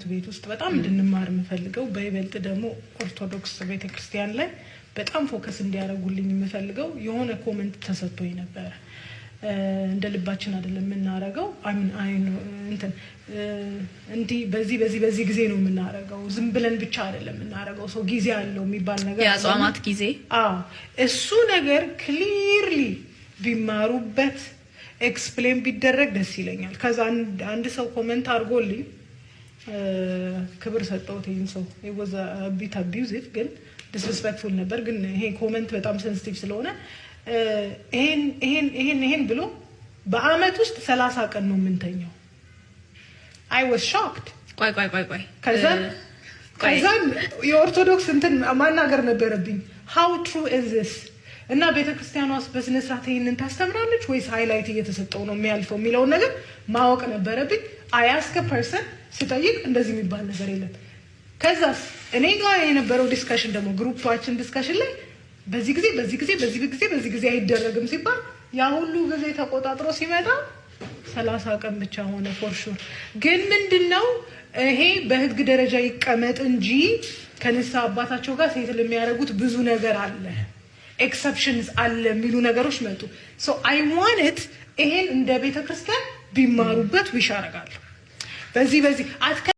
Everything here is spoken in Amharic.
ሃይማኖት ቤት ውስጥ በጣም እንድንማር የምፈልገው በይበልጥ ደግሞ ኦርቶዶክስ ቤተክርስቲያን ላይ በጣም ፎከስ እንዲያደርጉልኝ የምፈልገው የሆነ ኮመንት ተሰጥቶኝ ነበረ። እንደ ልባችን አይደለም የምናረገው። እንትን እንዲህ በዚህ በዚህ በዚህ ጊዜ ነው የምናረገው፣ ዝም ብለን ብቻ አይደለም የምናረገው። ሰው ጊዜ አለው የሚባል ነገር የአጽዋማት ጊዜ እሱ ነገር ክሊርሊ ቢማሩበት ኤክስፕሌን ቢደረግ ደስ ይለኛል። ከዛ አንድ ሰው ኮመንት አድርጎልኝ ክብር ሰጠሁት። ይህን ሰው ወዛ ቢት አቢዩዚቭ ግን ዲስሪስፔክትፉል ነበር። ግን ይሄ ኮመንት በጣም ሴንስቲቭ ስለሆነ ይሄን ይሄን ብሎ በአመት ውስጥ ሰላሳ ቀን ነው የምንተኘው። አይ ወዝ ሾክድ። ቆይ ቆይ ቆይ ቆይ ከዛን ከዛን የኦርቶዶክስ እንትን ማናገር ነበረብኝ። ሃው ትሩ ኢዝ ዚስ እና ቤተ ክርስቲያኗ ውስጥ በስነ ስርዓት ይህንን ታስተምራለች ወይስ ሃይላይት እየተሰጠው ነው የሚያልፈው የሚለውን ነገር ማወቅ ነበረብኝ። አያስከ ፐርሰን ስጠይቅ እንደዚህ የሚባል ነገር የለም። ከዛ እኔ ጋር የነበረው ዲስካሽን ደግሞ ግሩፓችን ዲስካሽን ላይ በዚህ ጊዜ በዚህ ጊዜ በዚህ ጊዜ በዚህ ጊዜ አይደረግም ሲባል ያ ሁሉ ጊዜ ተቆጣጥሮ ሲመጣ ሰላሳ ቀን ብቻ ሆነ። ፎርሹር ግን ምንድን ነው ይሄ በህግ ደረጃ ይቀመጥ እንጂ ከንስሐ አባታቸው ጋር ሴትል የሚያደርጉት ብዙ ነገር አለ። ኤክሰፕሽንስ አለ የሚሉ ነገሮች መጡ። ሶ አይ ዋንት ይሄን እንደ ቤተ ክርስቲያን ቢማሩበት ዊሽ አረጋለሁ። በዚህ በዚህ